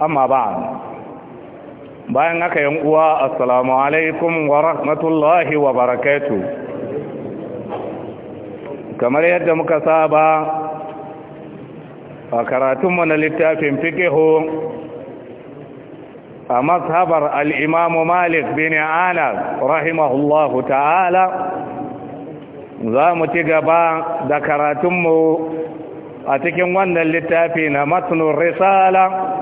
amma ba bayan aka yan uwa assalamu alaikum wa rahmatullahi wa barakatu kamar yadda muka saba a karatunmu na littafin fikihu a mazhabar al'imamu malik bin anas rahimahullahu ta'ala za mu ci gaba da karatunmu a cikin wannan littafi na matsunin risala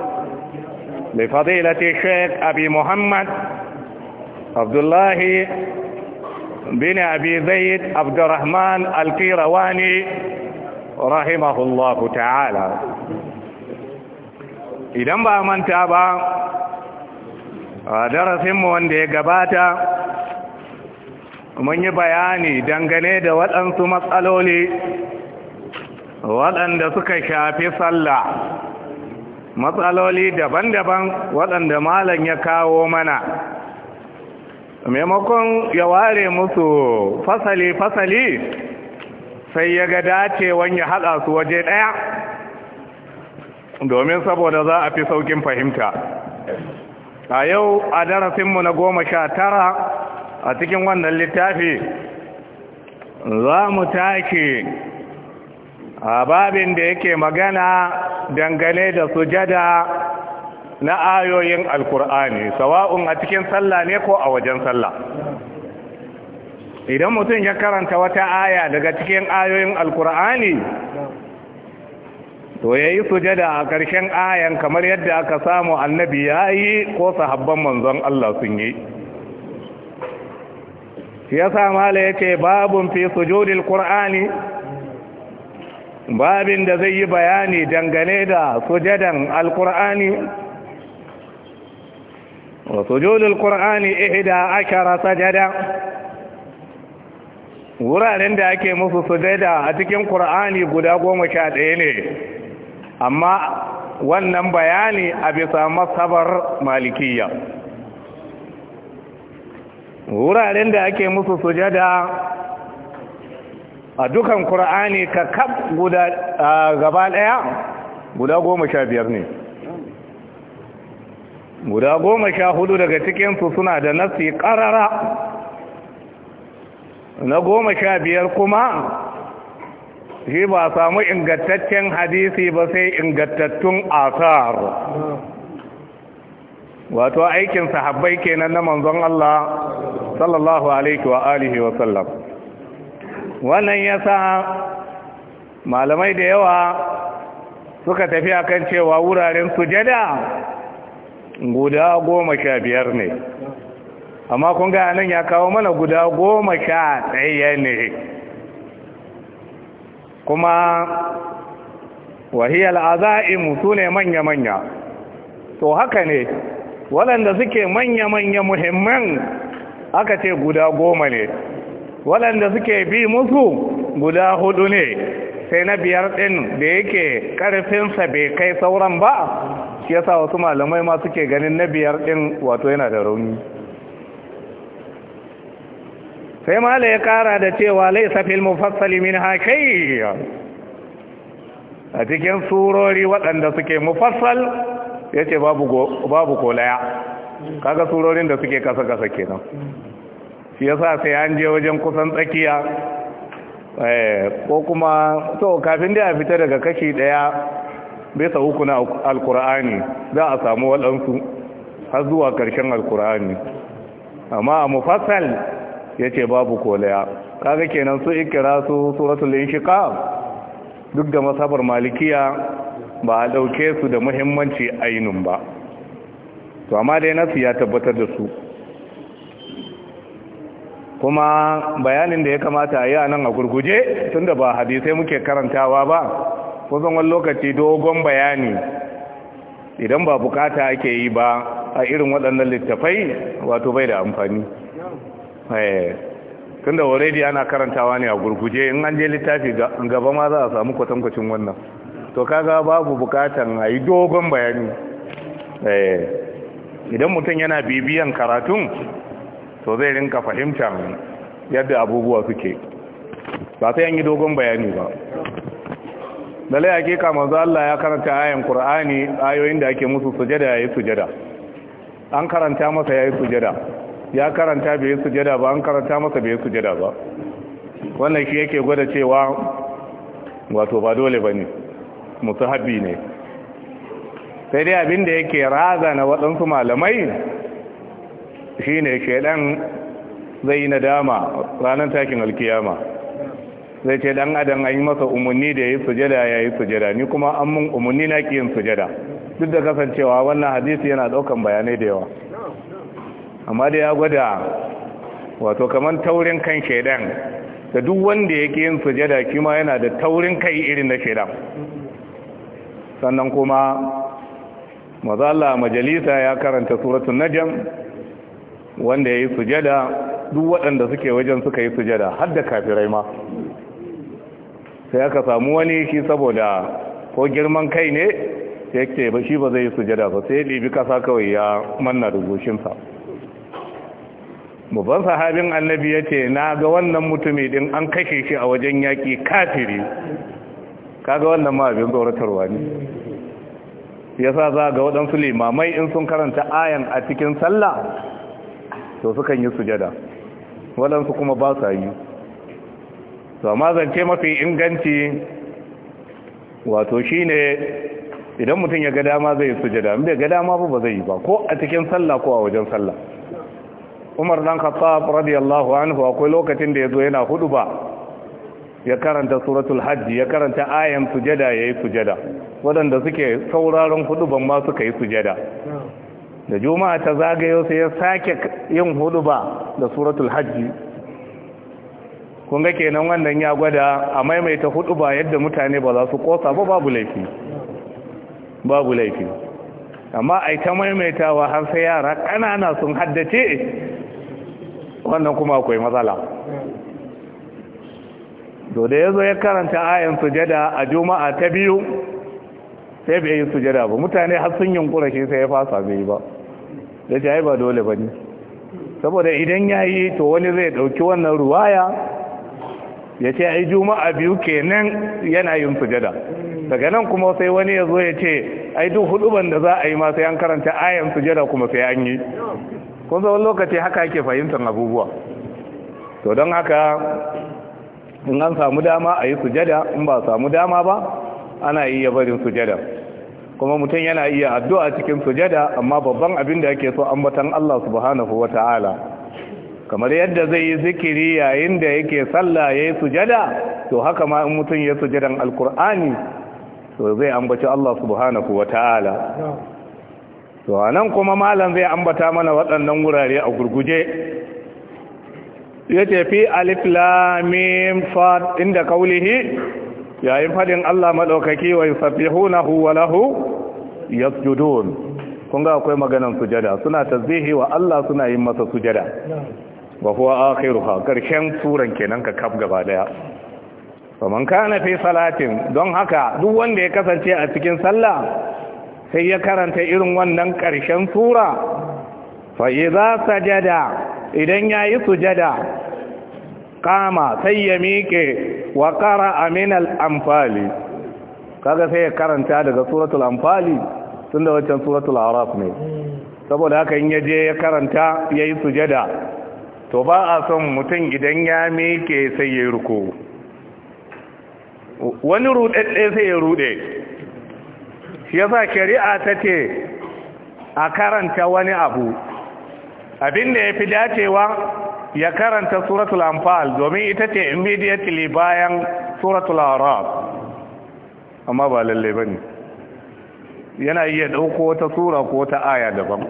بفضيلة الشيخ أبي محمد عبد الله بن أبي زيد عبد الرحمن القيرواني رحمه الله تعالى إذا ما من تابع darasinmu wanda ya gabata mun yi bayani dangane da waɗansu matsaloli waɗanda suka shafi sallah matsaloli daban-daban waɗanda malam ya kawo mana maimakon ya ware musu fasali-fasali sai ya ga dacewan ya haɗa su waje ɗaya domin saboda za a fi saukin fahimta a yau a darasinmu na goma sha tara a cikin wannan littafi za mu take a babin da yake magana dangane da sujada na ayoyin alkur'ani sawa'un a cikin sallah ne ko a wajen sallah idan mutum ya karanta wata aya daga cikin ayoyin alkur'ani to ya yi sujada a ƙarshen ayan kamar yadda aka samu annabi ya yi ko sahabban manzon Allah sun yi ya sa mala ya ce babun fi sujudil qur'ani babin da zai yi bayani dangane da sujadan alkur'ani wa sujudul qur'ani ihda akara sajada wuraren da ake musu sujada a cikin ƙur'ani guda goma sha ɗaya ne amma wannan bayani a bisa masabar malikiya wuraren da ake musu sujada a dukan ƙura'ani ka kaf guda gaba ɗaya guda goma sha biyar ne guda goma sha hudu daga cikinsu suna da nasi ƙarara na goma sha biyar kuma shi ba samu ingantaccen hadisi ba sai ingantattun asar wato aikin sahabbai kenan na manzon Allah sallallahu alaihi wa alihi wa sallam wannan ya sa malamai da yawa suka tafi a kan cewa wuraren sujada guda goma sha biyar ne amma kun ga nan ya kawo mana guda goma sha ɗaya ne kuma wahiyar aza'imu su ne manya-manya to haka ne waɗanda suke manya-manya muhimman aka ce guda goma ne waɗanda suke bi musu guda hudu ne sai na biyar ɗin da yake ƙarfinsa bai kai sauran ba shi ya sa wasu malamai ma suke ganin na biyar ɗin wato yana da rauni sai mala ya ƙara da cewa laisa mu fassali min hakai a cikin surori waɗanda suke mufassal ya ce babu kolaya kaga surorin da suke kasa-kasa kenan shi yasa sai an je wajen kusan tsakiya eh, ko kuma to kafin da a fita daga kashi daya bisa uku na alkur'ani za a samu waɗansu har zuwa ƙarshen alkur'ani amma a mufassal ya ce babu kolaya kaga kenan su ikira su suratul inshiqa duk da masabar malikiya ba a ɗauke su da muhimmanci ainun ba to amma dai nasu ya tabbatar da su kuma bayanin da ya kamata a yi a nan a gurguje tunda ba hadisai muke karantawa ba kusan wani lokaci dogon bayani idan ba bukata ake yi ba a irin waɗannan littafai wato bai da amfani eh, tunda wuri ana karantawa ne a gurguje in an je littafi gaba ma za a samu kwatankwacin wannan to kaga babu bukatan a yi dogon bayani eh, idan mutum yana bibiyan karatun to zai rinka fahimtar yadda abubuwa suke ba sai yanyi yi dogon bayani ba dalai ake manzo Allah ya karanta ayan Qur'ani ayoyin da ake musu sujada yayi sujada an karanta masa ya yi sujada ya karanta bai yi sujada ba an karanta masa bai yi sujada ba wannan shi yake gwada cewa wato ba dole ba ne. Musu habi ne sai dai abin da yake raza na waɗansu malamai shine shaidan zai yi nadama ranar takin alkiyama zai ce dan adam an yi masa umarni da ya yi sujada ya yi sujada ni kuma an mun umarni na ki yin sujada duk da kasancewa wannan hadisi yana daukan bayanai da yawa amma da ya gwada wato kamar taurin kan shaidan da duk wanda yake yin sujada kima yana da taurin kai irin na shaidan sannan kuma mazalla majalisa ya karanta suratul najm wanda ya yi sujada duk waɗanda suke wajen suka yi sujada har da kafirai ma sai aka samu wani shi saboda ko girman kai ne ya ce ba shi ba zai yi sujada ba sai ya ɗibi kasa kawai ya manna rubushinsa babban sahabin annabi ya ce na ga wannan mutumi din an kashe shi a wajen yaƙi kafiri kaga wannan ma abin tsoratarwa ne Ya sa za ga waɗansu limamai in sun karanta ayan a cikin sallah to sukan yi sujada waɗansu kuma ba sa yi to amma zance mafi inganci wato shi ne idan mutum ya ga dama zai yi sujada in ga dama ba zai yi ba ko a cikin sallah ko a wajen sallah Umar dan Khattab radiyallahu anhu akwai lokacin da ya zo yana hudu ba ya karanta suratul hajji ya karanta ayan sujada ya yi sujada waɗanda suke sauraron hudu ban ma suka yi sujada da juma'a ta zagayo sai ya sake yin ba da suratul hajji kun ga kenan wannan ya gwada a maimaita ba yadda mutane ba za su kosa ba babu laifi babu laifi amma ai ta maimaitawa har sai yara ƙanana sun haddace wannan kuma akwai matsala to da yazo ya karanta ayan sujada a juma'a ta biyu sai bai yi sujada ba mutane har sun yunkura shi sai ya fasa bai ba da ta ba dole ba ne saboda idan ya yi to wani zai ɗauki wannan ruwaya ya ce ai juma'a biyu kenan yana yin sujada daga nan kuma sai wani ya zo ya ce ai duk huduban da za a yi ma sai an karanta ayan sujada kuma sai an yi kun zaun lokaci haka ake fahimtar abubuwa to don haka in an samu dama a yi sujada in ba samu dama ba ana iya barin sujada kuma mutum yana iya addu'a cikin sujada amma babban abin da yake so ambatan Allah subhanahu Ta'ala. kamar yadda zai yi zikiri yayin da yake sallah yayi sujada to haka ma in mutum ya sujadan alkur'ani to zai ambaci Allah subhanahu Ta'ala. to nan kuma malam zai ambata mana waɗannan wurare a gurguje ya tafi alif lam mim inda kaulihi yayin faɗin Allah maɗaukaki wa huna wa lahu yasjudun kun ga akwai maganan sujada suna tasbihi wa Allah suna yin masa sujada wa huwa akhiruha karshen suran kenan ka kaf gaba daya faman kana fi salatin don haka duk wanda ya kasance a cikin sallah sai ya karanta irin wannan karshen sura fa sajada idan ya yi sujada kama sai ya miƙe wa ƙara aminal amfali kaga sai ya karanta daga suratul amfali tun da waccan suratul araf ne saboda haka in ya je ya karanta ya yi sujada to ba a son mutum idan ya miƙe sai ya yi ruko wani ruɗaɗɗe sai ya ruɗe shi yasa shari'a ta ce a karanta wani abu abin da ya fi dacewa ya karanta suratul anfal domin ita ce immediately bayan suratul araf amma ba lalle bane yana iya dauko ta sura ko ta aya daban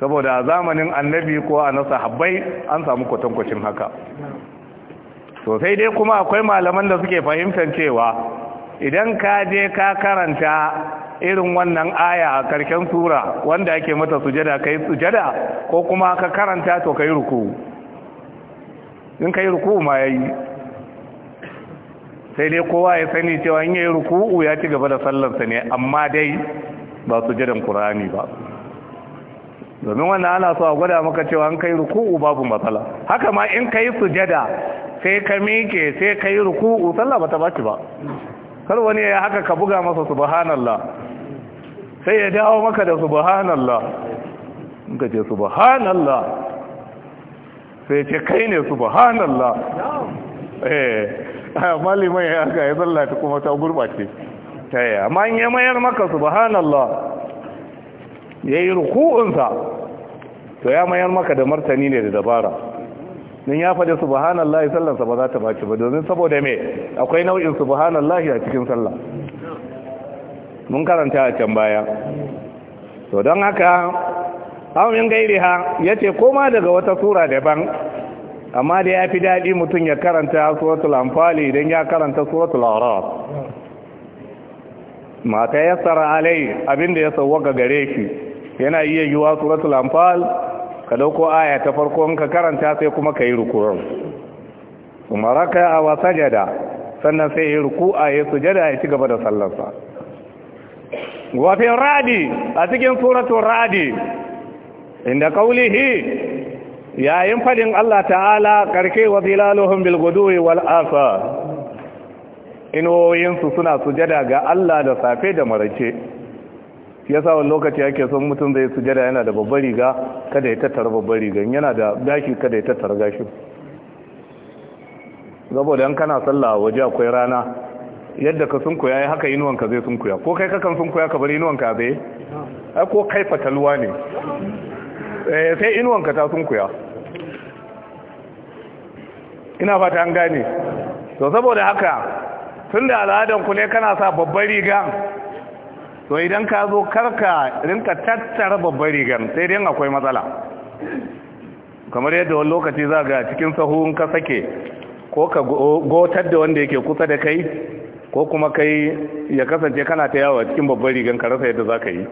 saboda a zamanin annabi ko a nasa Habbai an samu kwatankwacin haka to sai dai kuma akwai malaman da suke fahimtar cewa idan ka je ka karanta irin wannan aya a karshen sura wanda ake mata sujada kai sujada ko kuma ka karanta to kai ruku in kai ruku ma yayi sai dai kowa ya sani cewa in yayi ruku ya ci gaba da sallarsa ne amma dai ba sujadan qur'ani ba domin wannan ana so a gwada maka cewa in kai ruku babu matsala haka ma in kai sujada sai ka miƙe sai kai yi ruku'u sallah bata ta ba ba kar wani ya haka ka buga masa subhanallah sai ya dawo maka da subhanallah in ka ce subhanallah sai ce kai ne subhanallah eh malimai ya aka ya zalla ta kuma ta gurbace ta yi amma in ya mayar maka subhanallah ya yi ruku'unsa to ya mayar maka da martani ne da dabara nin ya faɗi subhanallah sallansa ba za ta baci ba domin saboda me akwai nau'in subhanallahi a cikin sallah mun karanta a can baya to don haka haumin gairi ha ya ce koma daga wata sura daban amma da ya fi daɗi mutum ya karanta suratul amfali idan ya karanta suratul araf mata ya tsara alai abinda ya sauwaka gare shi yana iya yiwa suratul amfal ka dauko aya ta farko ka karanta sai kuma ka yi rukurar. kuma a wasa jada sannan sai ya ruku a ya sujada ya ci gaba da sallarsa wafin radi a cikin suratun radi inda kaulihi yayin fadin Allah ta'ala karke wa zilaluhum bil guduwi wal inuwoyinsu suna sujada ga Allah da safe da marace yasa wani lokaci yake son mutum zai sujada yana da babbar riga kada ya tattara babbar rigan yana da gashi kada ya tattara gashin saboda in kana sallah waje akwai rana yadda ka sunkuya ya haka inuwanka zai sunkuya ko kai kakan sunkuya ka bar inuwanka zai ai ko kai fatalwa ne eh, sai inuwanka ta sunkuya ina fata an gane to saboda haka tun da al'adanku ne kana sa babbar riga to idan ka zo karka rinka tattara babbar rigan sai dai akwai matsala kamar yadda wani lokaci za ga cikin sahun ka sake ko ka gotar da wanda yake kusa da kai ko kuma kai ya kasance kana ta yawa cikin babban rigan ka rasa yadda za ka yi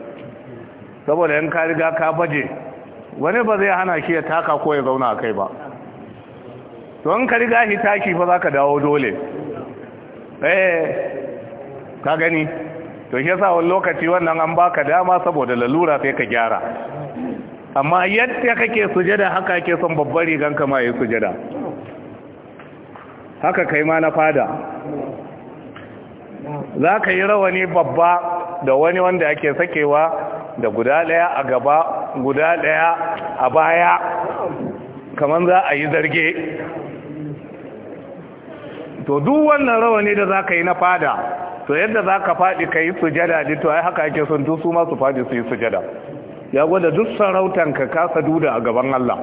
saboda yan ka riga ka baje wani ba zai hana shi ya taka ko ya zauna a kai ba to in ka riga shi taki fa za ka dawo dole eh ka gani to shi yasa wani lokaci wannan an baka dama saboda lalura sai ka gyara amma yadda kake sujada haka ake son babban rigan ka ma yi sujada haka kai ma na fada za ka yi rawani babba da wani wanda yake sakewa da guda daya a gaba guda daya a baya kamar za a yi zarge to duk wannan rawani da za ka yi na fada to yadda za ka faɗi ka yi sujada da to ai haka ake son dusu masu fadi su yi sujada ya gwada duk sarautanka ka kasa duda a gaban Allah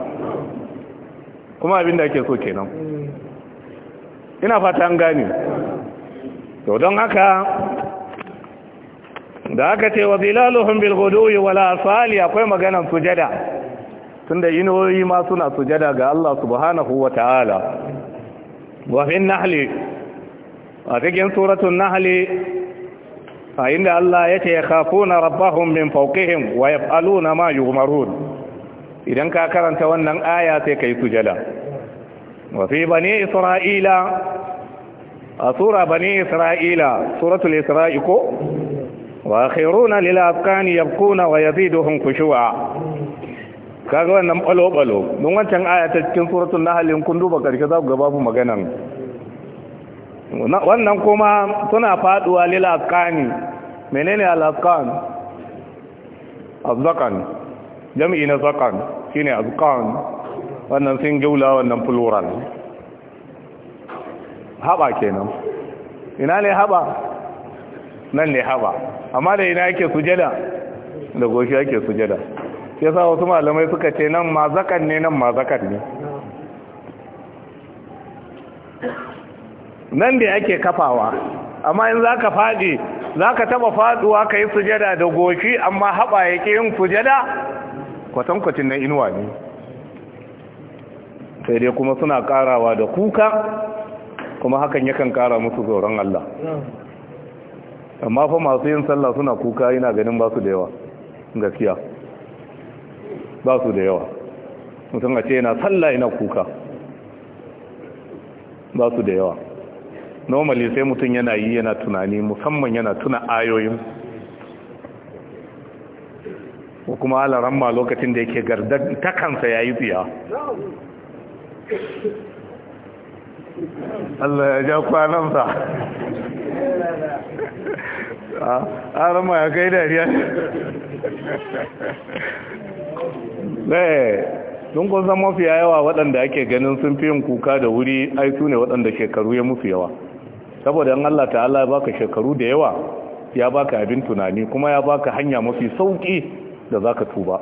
kuma abinda ake so kenan ina fata an gane to don haka da aka ce wa zilaluhum bil wala asali akwai maganan sujada tunda inuwoyi ma suna sujada ga Allah subhanahu wa ta'ala Wafin fi a cikin suratun nahli a inda Allah ya ce yakhafuna rabbahum min fawqihim wa na ma yu'marun idan ka karanta wannan aya sai yi sujada wa fi isra'ila a sura bani isra'ila suratul isra'i ko wa khairuna lil afkani yabkuna wa yaziduhum khushu'a kaga wannan balo balo don wancan aya ta cikin suratul nahl in kun duba karshe za ku ga babu maganan wannan kuma suna faduwa lil afkani menene al afkan azqan jam'i na shine azqan wannan sun singular wannan plural haɓa kenan ina ne haɓa nan ne haɓa amma da ina yake sujada da goshi yake sujada ya sa wasu malamai suka ce nan mazakan ne nan mazakan ne nan da ake kafawa amma in za ka faɗi za ka taɓa faɗuwa ka yi sujada da goshi amma haɓa yake yin sujada kwatankwacin na inuwa ne sai dai kuma suna ƙarawa da kuka kuma hakan yakan kara musu tsoron Allah amma fa masu yin sallah suna kuka yana ganin ba su da yawa gaskiya ba su da yawa mutum a ce yana sallah yana kuka ba su da yawa normally sai mutum yana yi yana tunani musamman yana tuna ayoyin ko kuma alaran ramma lokacin da yake gardar takansa ya yi tsiya Allah ya ja kwanansa a rama ya kai dariya tun mafiya yawa waɗanda ake ganin sun fi yin kuka da wuri ai su ne waɗanda shekaru ya musu yawa saboda yan Allah ta'ala ya baka shekaru da yawa ya baka abin tunani kuma ya baka hanya mafi sauƙi da zaka tuba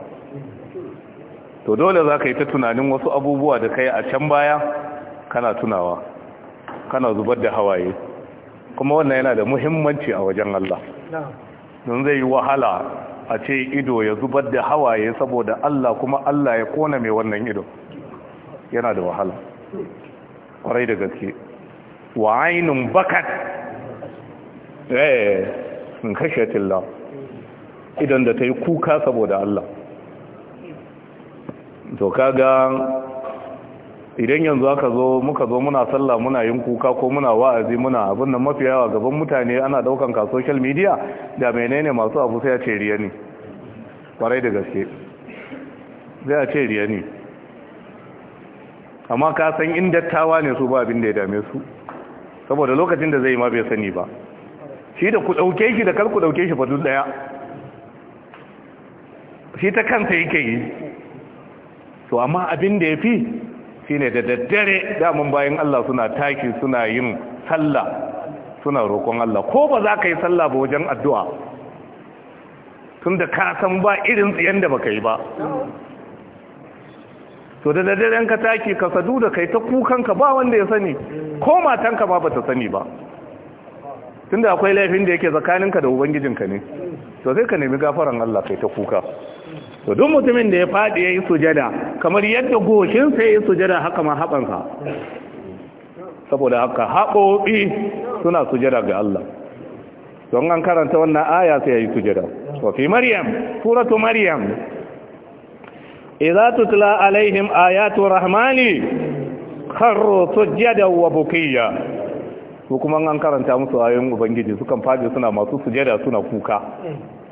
to dole za ka yi ta tunanin wasu abubuwa da kai a can baya kana tunawa kana zubar da hawaye kuma wannan yana da muhimmanci a wajen Allah don zai yi wahala a ce ido ya zubar da hawaye saboda Allah kuma Allah ya kona mai wannan ido yana da wahala kwarai da gaske wa ainihin bakat eh in kashe tilla idan da ta yi kuka saboda Allah to kaga idan yanzu aka zo muka zo muna sallah muna yin kuka ko muna wa'azi muna abin nan mafi yawa gaban mutane ana daukan ka social media da menene masu abu sai ya ce riya ne kwarai da gaske zai a ce riya ne amma ka san in dattawa ne su ba abin da ya dame su saboda lokacin da zai ma bai sani ba shi da ku dauke shi da kar ku dauke shi fadu daya shi ta kansa yake yi to amma abin da ya fi shine da daddare damun bayan Allah suna taki suna yin sallah suna roƙon Allah ko ba za ka yi sallah ba wajen addu'a tunda ka san ba irin tsayen da baka yi ba to da daddare ka taki ka sadu da kai ta kukanka ba wanda ya sani ko matanka ba bata sani ba tunda akwai laifin da yake tsakaninka da ubangijinka ne to sai ka nemi gafaran Allah kai ta kuka to duk mutumin da ya faɗi ya yi sujada kamar yadda goshinsa ya yi sujada haka ma haɓansa saboda haka haɓoɓi suna sujada ga Allah don an karanta wannan aya sai ya yi sujada Wafi fi maryam suratu maryam idza tutla alaihim ayatu rahmani kharru sujada wa bukiya ko kuma an karanta musu ayoyin ubangiji sukan fadi suna masu sujada suna kuka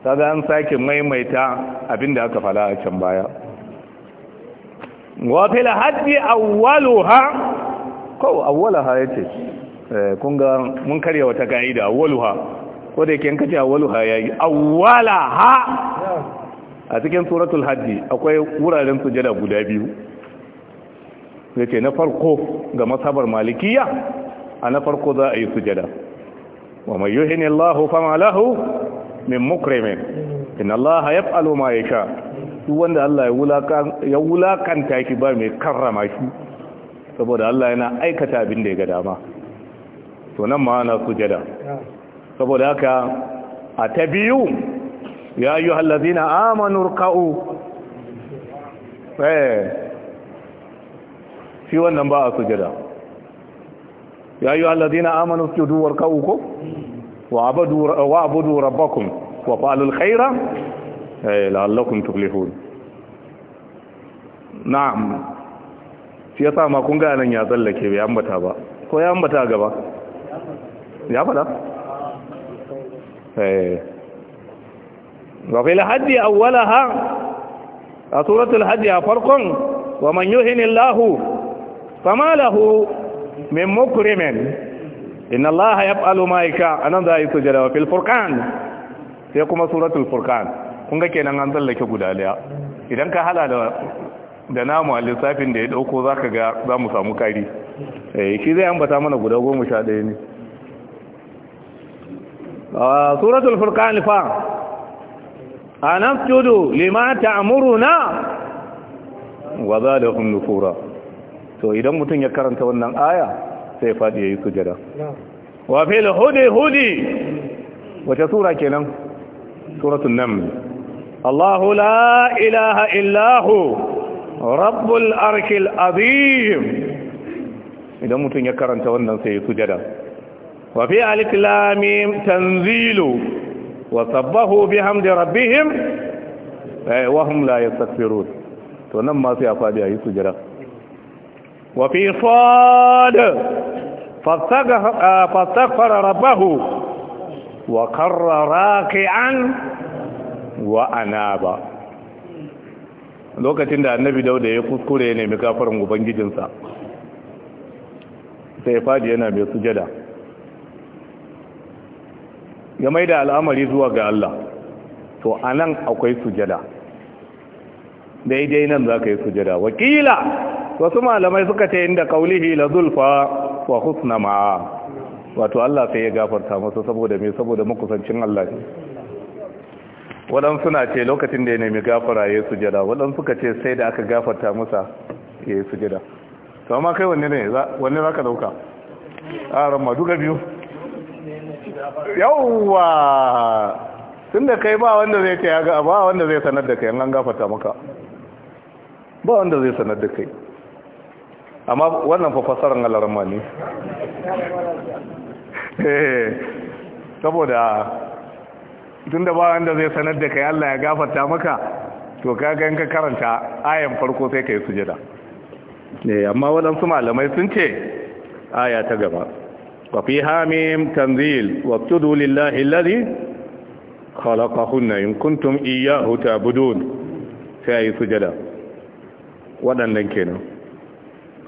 kaga an sake maimaita abinda aka fala a can baya wa fil hajji awwaluha ko awwalaha yace eh, kun ga mun karya wata kaida awwaluha ko da yake an kace awwaluha yayi awwalaha a cikin suratul hajji akwai wuraren sujada guda biyu yace na farko ga masabar malikiya a na farko za a yi sujada wa mai fama lahu min mukrimin inna allaha yaf'alu ma yasha duk wanda Allah ya wulakanta shi ba mai karrama shi saboda Allah yana aikata abin da ya ga dama to nan ma ana sujada saboda haka a ta biyu ya yi hallazina amanu ruka'u eh shi wannan ba a sujada ya yi hallazina amanu sujudu ka'u ko wa'budu rabbakum wa fa'alul khaira la'allakum tuflihun na'am shi yasa ma kun ga nan ya tsallake bai ambata ba ko ya ambata gaba ya fada eh wa fil hajji awwalaha a suratul hajji a farkon wa man yuhinillahu fama lahu min mukrimin inna allaha yaf'alu ma yaka anan za a yi sujada wa fil furqan sai kuma suratul furqan kun ga kenan an tsallake guda daya idan ka hala da da namu a lissafin da ya dauko zaka ga za mu samu kari eh shi zai ambata mana guda 11 ne ah suratul furqan fa tudu lima ta'muruna wa zadahum nufura to idan mutum ya karanta wannan aya sai faɗi ya yi sujada wa fil hudi hudi wata sura kenan suratun nan. Allahu la ilaha illahu rabbul arkil azim idan mutum ya karanta wannan sai ya sujada wa fi alif tanzilu wa sabbahu bihamdi rabbihim eh, wa hum la yastakbirun to nan ma sai ya faɗi ya yi sujada وفي صاد فاستغفر ربه وقر راكعا وأناب lokacin da annabi dauda ya kuskure ne mai kafarin ubangijinsa sai Fadi yana mai sujada ya mai da al'amari zuwa ga Allah to anan akwai sujada daidai nan za ka yi sujada wakila wasu malamai suka ce inda kaulihi la zulfa wa husna ma wato Allah sai ya gafarta masa saboda me saboda makusancin Allah ne wadan suna ce lokacin da ya nemi gafara ya sujada wadan suka ce sai da aka gafarta masa ya yi sujada to amma kai wanne ne wanne zaka dauka a ramma duka biyu yawwa tunda kai ba wanda zai ce ya ga ba wanda zai sanar da kai an gafarta maka ba wanda zai sanar da kai amma wannan fa fasarar alarma ne eh, saboda tun da bayan da zai sanar da kai Allah ya gafarta maka to ka in ka karanta ayan farko sai ka yi sujada ne eh, amma waɗansu malamai sun ce aya ta gaba wa fi hamim tanzil wa tudu lillahi alladhi in kuntum iyyahu ta'budun sai yi sujada waɗannan kenan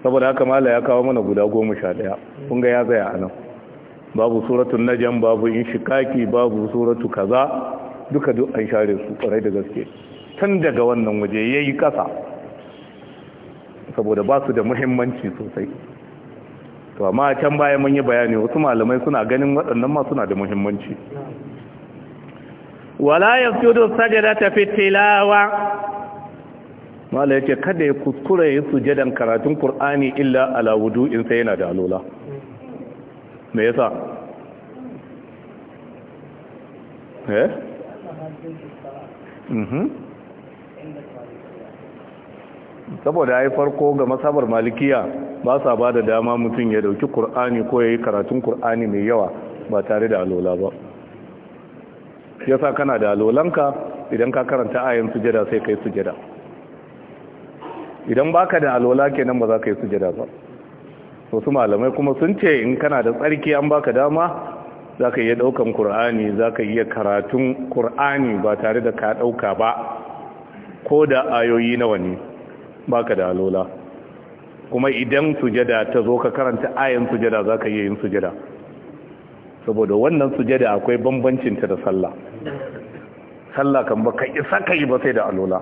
saboda haka mala ya kawo mana guda goma sha daya mun ga ya zaya a nan babu suratun najan babu shikaki babu suratu kaza duka duk an share su kwarai da gaske tun daga wannan waje ya yi kasa saboda ba su da muhimmanci sosai to amma can baya mun yi bayani wasu malamai suna ganin waɗannan ma suna da muhimmanci wala yafjudu sajadata fi tilawa mala yake kada ya kuskura ya sujadan karatun qur'ani illa ala wudu'in sai yana da alola me yasa eh mhm saboda ai farko ga masabar malikiya ba sa ba dama mutum ya dauki Kur'ani ko yayi karatun Kur'ani mai yawa ba tare da alola ba yasa kana da alolanka idan ka karanta ayin sujada sai kai sujada idan baka da alwala kenan ba za ka yi sujada ba wasu malamai kuma sun ce in kana da tsarki an baka dama za ka iya ɗaukan Kur'ani, za ka iya karatun Kur'ani ba tare da ka ɗauka ba ko da ayoyi nawa ne baka da alola kuma idan sujada ta zo ka karanta ayin sujada za ka iya yin sujada saboda wannan sujada akwai bambancinta da sallah sallah kan ba ka isa ka yi ba sai da alola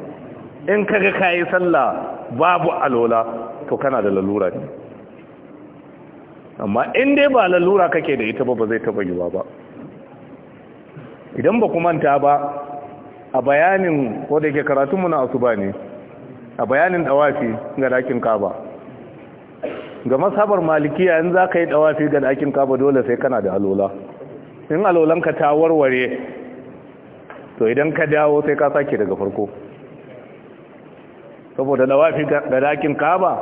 in ka ga ka yi sallah babu alola to kana da lalura ne amma in dai ba lalura kake da ita ba ba zai taba yiwa ba idan ba manta ba a bayanin ko da yake karatunmu na asuba ne a bayanin dawafi ga dakin kaba ga masabar malikiya in za ka yi dawafi ga dakin kaba dole sai kana da alola in alolanka ta warware to idan ka dawo sai ka sake daga farko saboda dawafi ga dakin kaba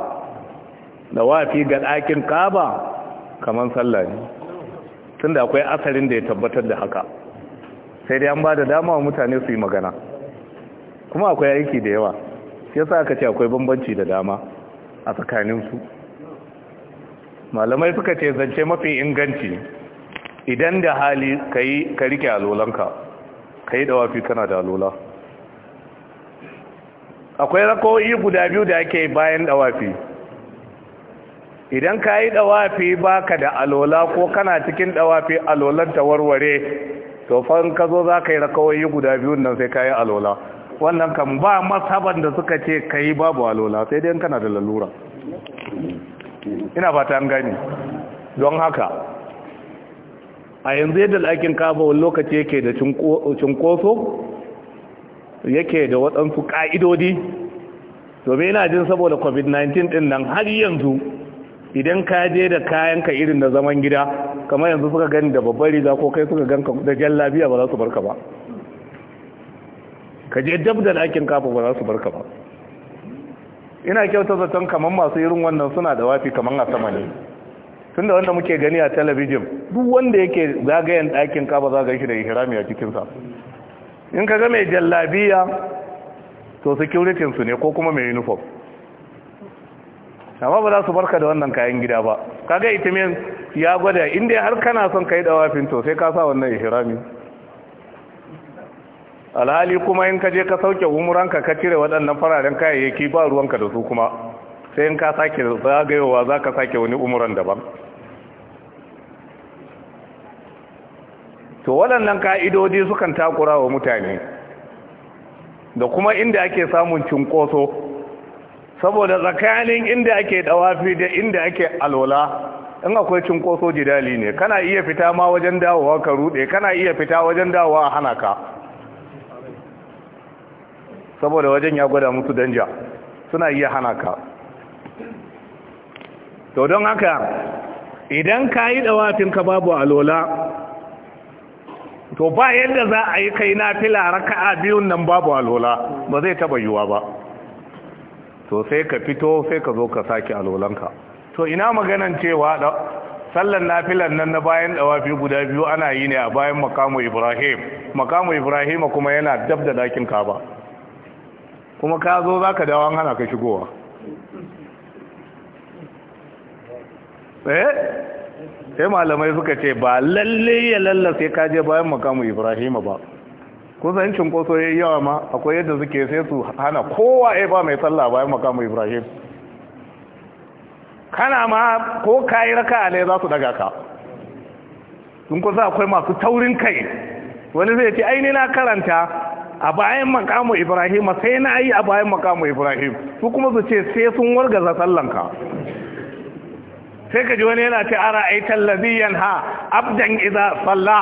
dawafi ga dakin kaba kamar sallah ne tunda akwai asarin da ya tabbatar da haka sai dai an ba da dama mutane su yi magana kuma akwai aiki da yawa yasa aka ce akwai bambanci da dama a tsakaninsu malamai suka ce zance mafi inganci idan da hali ka rike alolanka ka yi dawafi kana da alola akwai rakawoyi guda biyu da ake bayan dawafi idan ka yi dawafi baka da alola ko kana cikin dawafi alolan ta warware to ka zo za ka yi rakoyi guda biyun nan sai ka yi alola wannan kan ba masaban da suka ce ka yi babu alola sai dai kana da lalura ina fata an gani don haka a yanzu yadda ɗakin kaba wani lokaci yake da cunkoso yake da waɗansu ƙa'idodi domin yana jin saboda covid-19 ɗin nan har yanzu idan ka je da kayanka irin da zaman gida kamar yanzu suka gani da babbar riga ko kai suka ganka da jan lafiya ba za su barka ba ka je dab da ɗakin kafa ba za su barka ba ina kyauta zaton kamar masu irin wannan suna da wafi kamar a sama ne tun da wanda muke gani a talabijin duk wanda yake zagayen ɗakin kafa za ga shi da ihrami a cikinsa in ka ga mai jallabiya to security su ne ko kuma mai uniform amma ba za su barka da wannan kayan gida ba kaga itimin ya gwada inda har kana son kai da wafin to sai ka sa wannan ihrami alhali kuma in ka je ka sauke umuranka ka cire waɗannan fararen kayayyaki ba ruwanka da su kuma sai in ka sake zagayowa za ka sake wani umuran daban to waɗannan ka'idodi sukan takura wa mutane da kuma inda ake samun cinkoso saboda tsakanin inda ake ɗawafi da inda ake alola in akwai cinkoso jidali ne kana iya fita ma wajen dawowa ka rude kana iya fita wajen dawowa a hana ka saboda wajen ya gwada musu danja suna iya hana ka to don haka idan ka yi ka babu alola to ba yadda za a yi kai na fila raka'a biyun nan babu alwala ba zai taba yiwa ba to sai ka fito sai ka zo ka sake alwalanka to ina maganan cewa da sallan nafilan nan na bayan dawafi guda biyu ana yi ne a bayan makamu ibrahim makamu ibrahim kuma yana dab da dakin ba? kuma ka zo za ka dawo hana ka shigowa eh sai malamai suka ce ba lalle ya lallace ka je bayan makamu ibrahima ba kusan cinkoso ya yi yawa ma akwai yadda suke sai su hana kowa ya ba mai tsalla bayan makamu ibrahim kana ma ko kayi raka ne za su daga ka sun kusa akwai masu taurin kai wani zai ce aini na karanta a bayan makamu ibrahim sai na yi a bayan makamu ibrahim su kuma su ce sai sun wargaza tsallanka sai ka ji wani yana ta ara yi laziyan ha abdan iza salla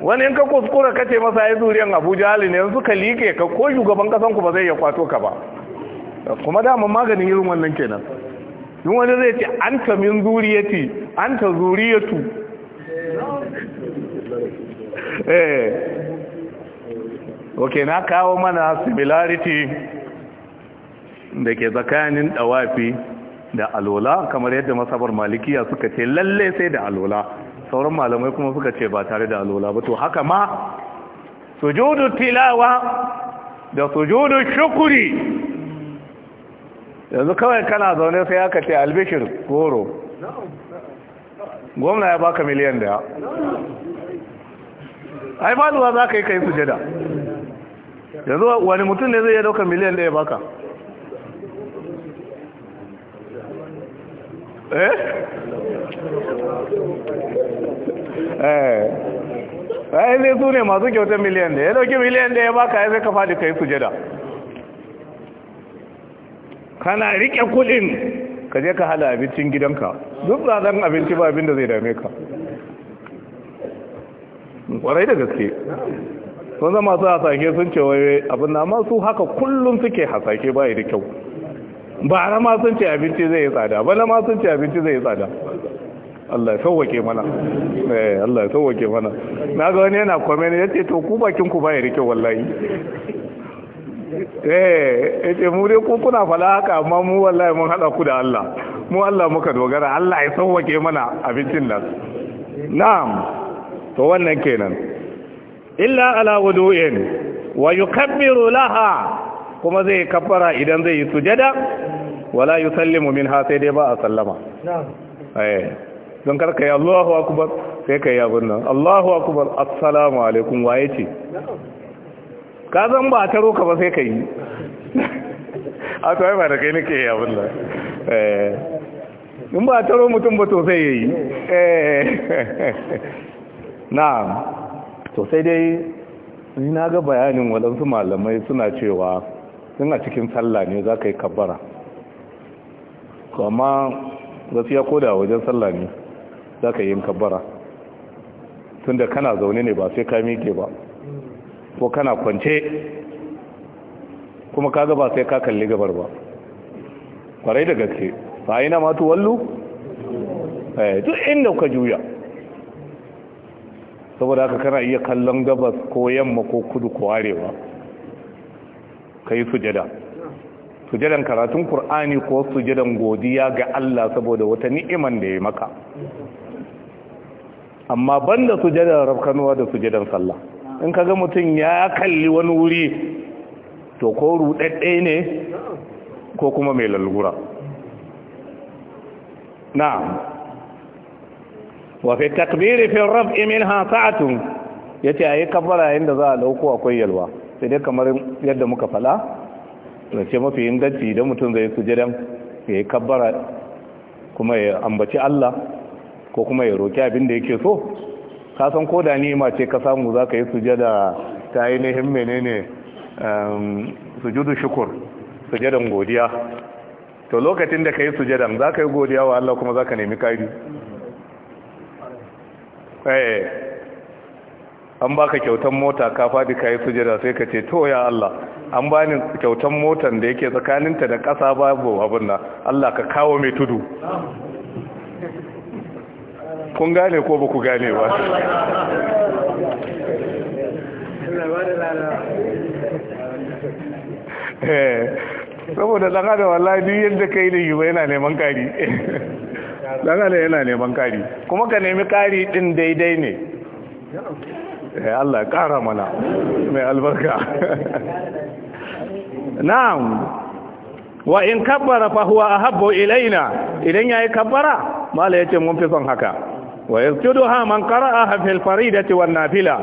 wani in ka kuskura ka ce masa ya zuriyan abuja hali ne yanzu ka liƙe ka ko shugaban kasan ku ba zai ya kwato ka ba kuma daman maganin irin wannan kenan yin wani zai ce an ta min zuriyati an ta zuriyatu eh ok na kawo mana similarity da ke tsakanin dawafi da alola kamar yadda masabar malikiya suka ce lalle sai da alola sauran malamai kuma suka ce ba tare da alola ba to haka ma sujudu tilawa da sujudu shukuri yanzu kawai kana zaune sai aka ce albishir goro gwamna ya baka miliyan daya ai zuwa za ka yi kai sujada yanzu wani mutum ne zai ya dauka miliyan daya baka Eh? eh ai ne su ne masu kyautar miliyan da ya dauki miliyan da ya baka ya zai ka faɗi ka yi sujada kana rike kudin ka je ka hada abincin gidanka duk zan abinci ba abin da zai dame ka kwarai da gaske sun zama su hasake sun ce waye abin na masu haka kullum suke hasake ba da kyau bara ma sun ce abinci zai yi tsada bana ma sun ce abinci zai yi tsada Allah ya sauwake mana eh Allah ya sauwake mana na ga wani yana ya ce to ku bakin ku bai rike wallahi eh ce mu dai ku kuna fala haka amma mu wallahi mun hada ku da Allah mu Allah muka dogara Allah ya sauwake mana abincin nan na'am to wannan kenan illa ala wudu'in wa yukabbiru laha kuma zai kafara idan zai yi sujada wala yusallimu minha sai dai ba a sallama eh don karka yi Allahu akbar sai kai ya bunna Allahu akbar assalamu alaikum waye ce ka zan ba taro ka ba sai kai a to ai ba da kai nake ya bunna eh in ba taro mutum ba to sai yayi eh na'am to sai dai ni na ga bayanin waɗansu malamai suna cewa in a cikin sallah ne za ka yi kabbara amma gaskiya ya da wajen sallah ne za ka yi yin kabbara tun da kana zaune ne ba sai ka miƙe ba ko kana kwance kuma ka ba sai ka kalli gabar ba kwarai da gaske ba yi na matu wallo? Eh, duk inda ka juya saboda haka kana iya kallon gabas ko yamma ko kudu ko arewa ka sujada sujadan karatun Kur'ani ko sujadan godiya ga Allah saboda wata ni'iman da ya maka amma banda sujadan rafkanuwa da sujadan sallah in ka ga mutum ya kalli wani wuri to ko rudadde ne ko kuma mai lalura na'am wa fi takbiri fi raf'i minha sa'atun yace ayi kabbara inda za a dauko akwai yalwa sai dai kamar yadda muka fala da ce mafi inganci idan mutum zai sujadan ya yi kabbara kuma ya ambaci Allah ko kuma ya roƙi abin da yake so kasan san ko da ni ma ce ka samu za ka yi sujada ta ainihin menene um, sujudu shukur sujadan godiya to lokacin da ka yi sujadan za ka yi godiya wa Allah kuma za ka nemi kari eh, an baka kyautan mota ka fadi kayi sujada sai ka ce to ya Allah an bani kyautan motan da yake tsakaninta da ƙasa babu abin nan Allah ka kawo mai tudu kun gane ko ba ku gane ba eh, saboda dan adam wallahi duk yadda kai da yuba yana neman kari dan adam yana neman kari kuma ka nemi kari din daidai ne Eh, Allah ya ƙara mana mai albarka na'am wa in kabbara fa huwa ahabbu ilaina idan yayi kabbara mala yace mun fi son haka wa yasjuduha man qara'aha fil faridati wan nafila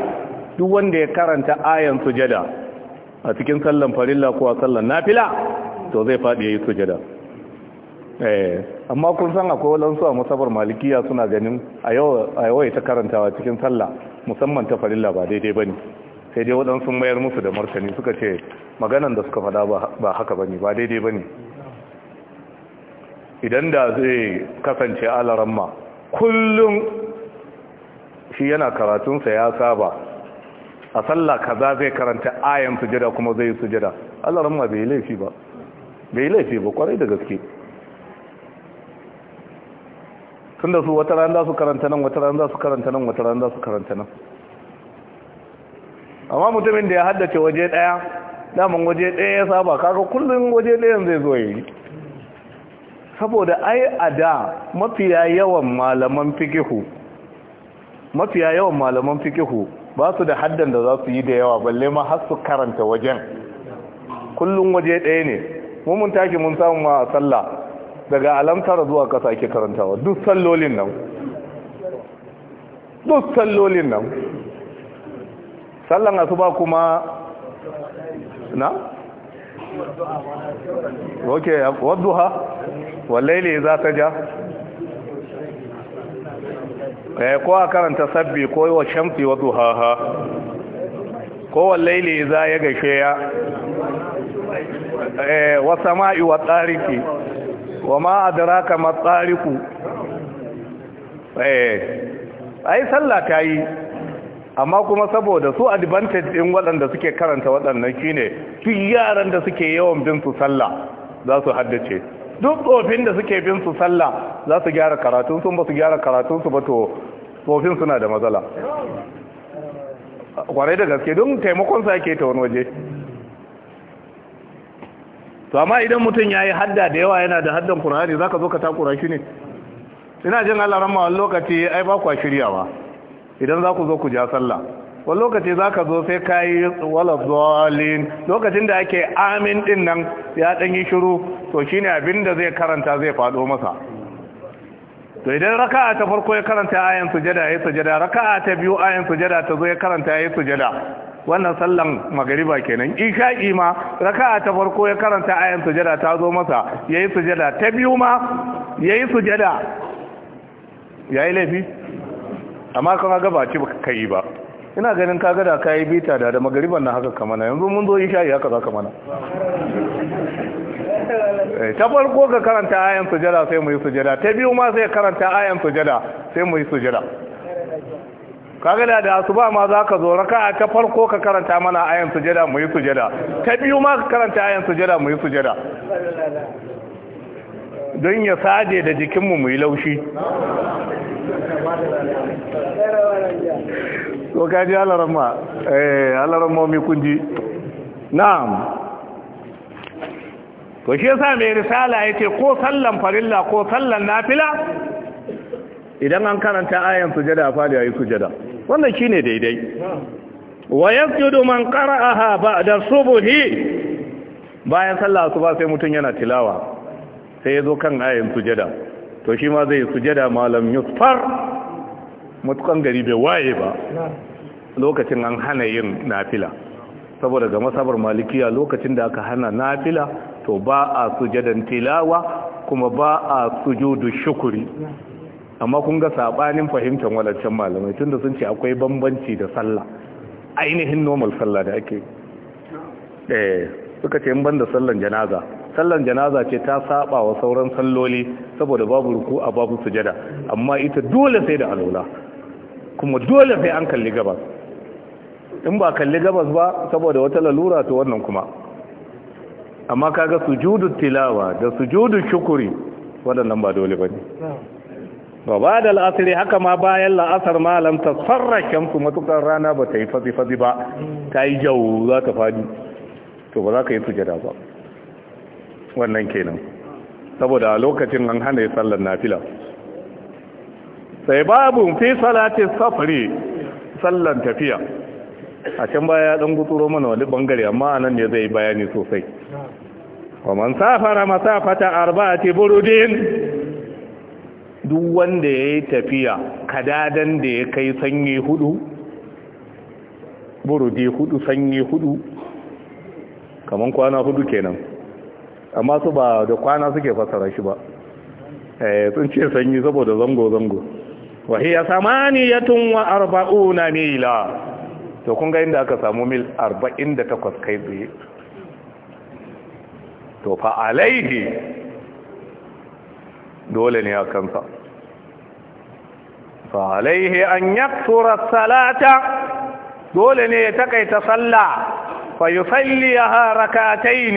duk wanda ya karanta ayan sujada a cikin sallan farilla ko a sallan nafila to zai fadi yayi sujada eh amma kun san akwai wani su a masabar malikiya suna ganin a yau a karantawa cikin sallah musamman ta farilla ba daidai ba ne sai dai waɗansu mayar musu da martani suka ce maganan da suka fada ba haka ne ba daidai ba ne. idan da zai kasance alaramma kullum shi yana karatunsa ya saba a sallah kaza zai karanta ayan sujada kuma zai sujada alaramma bai laifi ba bai laifi ba kwarai da gaske tunda su wata ran za su karanta nan wata ran za su karanta nan wata ran za su karanta nan amma mutumin da ya haddace waje daya daman waje daya ya saba kaga kullum waje daya zai zo yi saboda ai a da mafiya yawan malaman fikihu mafiya yawan malaman fikihu ba su da haddan da za su yi da yawa balle ma har su karanta wajen kullum waje daya ne mun mun taki mun samu ma sallah daga alamtara zuwa kasa ake karantawa duk sallolin nan duk sallolin nan sallan asuba kuma na ok wadduha wallaili za ta ja eh, ko a karanta sabbi ko wa shamsi wa ha ko wallaili za ya gashe ya eh wa sama'i wa tsariki. wa ma adraka matsariku eh ai sallah ta yi amma kuma saboda su advantage din waɗanda suke karanta waɗannan shine duk yaran da suke yawan bin su sallah za su haddace duk tsofin da suke bin su sallah za su gyara karatun sun ba su gyara karatun su ba to tsofin suna da matsala kwarai da gaske don taimakon sa ake ta wani waje to amma idan mutum ya yi hadda da yawa yana da haddan ƙur'ani za ka zo ka takura shi ne ina jin allah ramma wani lokaci ai ba kwa shiryawa idan za ku zo ku ja sallah wani lokaci za ka zo sai ka yi wala lokacin da ake amin din nan ya ɗan yi shiru to shi ne abin da zai karanta zai faɗo masa to idan raka'a ta farko ya karanta ayan sujada ya sujada raka'a ta biyu ayan sujada ta zo ya karanta ya sujada wannan sallan magariba kenan isha'i ma raka ta farko ya karanta ayan sujada ta zo masa yayi sujada ta biyu ma yayi sujada yayi laifi amma kuma ga ba ci kai ba ina ganin ka gada da kai bita da da magariban na haka kamana yanzu mun zo isha'i haka za ka mana eh, ta farko ka karanta ayan sujada sai mu yi sujada ta biyu ma sai karanta ayan sujada sai mu yi sujada kaga da da asuba ma za ka zo raka ta farko ka karanta mana ayan sujada mu yi sujada ta biyu ma ka karanta ayan sujada mu yi sujada don ya sade da jikinmu mu yi laushi so kaji alarama eh alarama kunji na'am Ko shi yasa mai risala yace ko sallan farilla ko sallan nafila idan an karanta ayan sujada a fadi ayi sujada wannan shine daidai wa yasjudu man qara'aha ba'da subhi bayan sallah su ba sai mutun yana tilawa sai yazo kan ayan sujada to shi ma zai sujada malam yusfar mutukan gari bai waye ba lokacin an hana yin nafila saboda ga masabar malikiya lokacin da aka hana nafila to ba a sujadan tilawa kuma ba a sujudu shukuri amma kun ga sabanin fahimtar walancan malamai tunda sun ce akwai bambanci da sallah ainihin normal sallah da ake eh suka ce in da sallan janaza sallan janaza ce ta saba wa sauran salloli saboda babu ruku a babu sujada amma ita dole sai da alula kuma dole sai an kalli gabas in ba kalli gabas ba saboda wata lalura to wannan kuma amma kaga sujudu tilawa da sujudu shukuri waɗannan ba dole ba ne. wa ba da al'asiri haka ma bayan la'asar malam ta shamsu matukar rana ba ta yi fazi ba ta yi jau za ta fadi to ba za ka yi sujada ba wannan kenan saboda a lokacin an hana sallar nafila sai babu fi salati safari sallar tafiya a can baya ya dan gutsuro mana wani bangare amma anan ne zai bayani sosai wa man safara masafata arba'ati burudin duk wanda ya yi tafiya kadadan da ya kai sanyi hudu burudi hudu sanyi hudu kaman kwana hudu kenan amma su ba da kwana suke fasara shi ba eh, sun ce sanyi saboda zango-zango wahiya samaniyatun wa arba'una mila to kun ga inda aka samu mil arba'in da takwas kai tsaye to fa alaihi dole ne a kansa fa an an yaktura salata dole ne ya takaita sallah fa yusalliha ya haraka. ta yi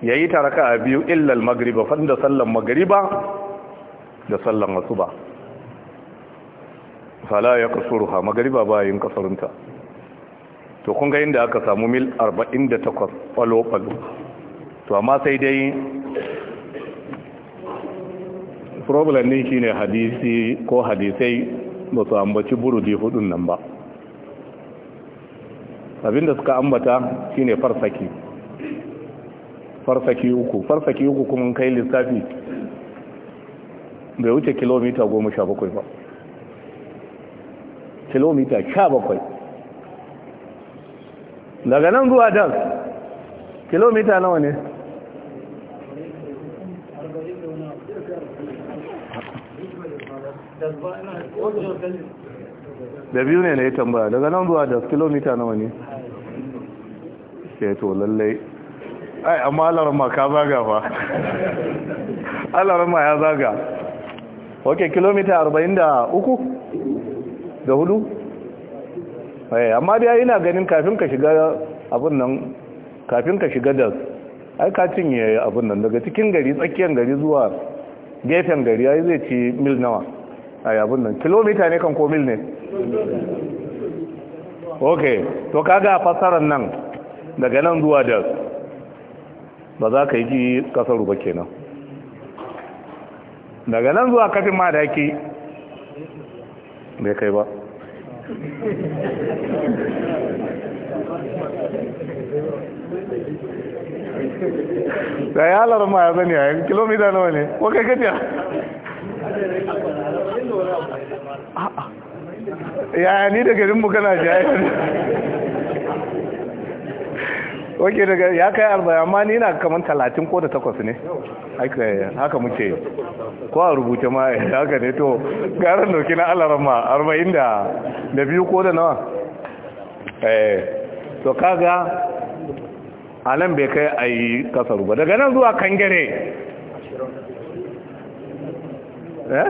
biyu a biyu illal magariba. inda sallan magariba da sallan wasu asuba fala yaqsuruha magariba ba yin kasarunta to kun ga inda aka samu mil arba'in da takwas? walo walo to amma sai dai problem ne shine hadisi ko hadisai ba su ambaci burudi hudun nan ba abinda suka ambata shine farsaki farsaki uku farsaki uku kuma kai lissafi bai wuce kilomita goma sha bakwai ba kilomita sha bakwai daga nan zuwa dan kilomita nawa ne da biyu ne na yi tambaya daga nan zuwa da kilomita nawa ne sai lallai ai amma alarma ka zaga fa alarma ya zaga ok kilomita arba'in da uku da hudu eh, amma dai na ganin kafin ka shiga abin nan kafin ka shiga da ai ka cinye abin nan daga cikin gari tsakiyar gari zuwa gefen gari ai zai ci mil nawa a yabin nan kilomita ne kan ko mil ne ok to kaga fasarar nan daga nan zuwa da ba za ka yi kasar ruba kenan daga nan zuwa kafin ma da yake bai kai ba da ya ma ya zani a kilomita nawa ne ko kai kaciya yaya ni da garinmu kana jayar wake daga ya kai arba'in amma ni na kamar talatin ko da takwas ne haka muke ko a rubuta ma haka ne to garin doki na alarama arba'in da biyu ko da nawa eh, to kaga a nan bai kai a yi kasar ba daga nan zuwa kangare Eh?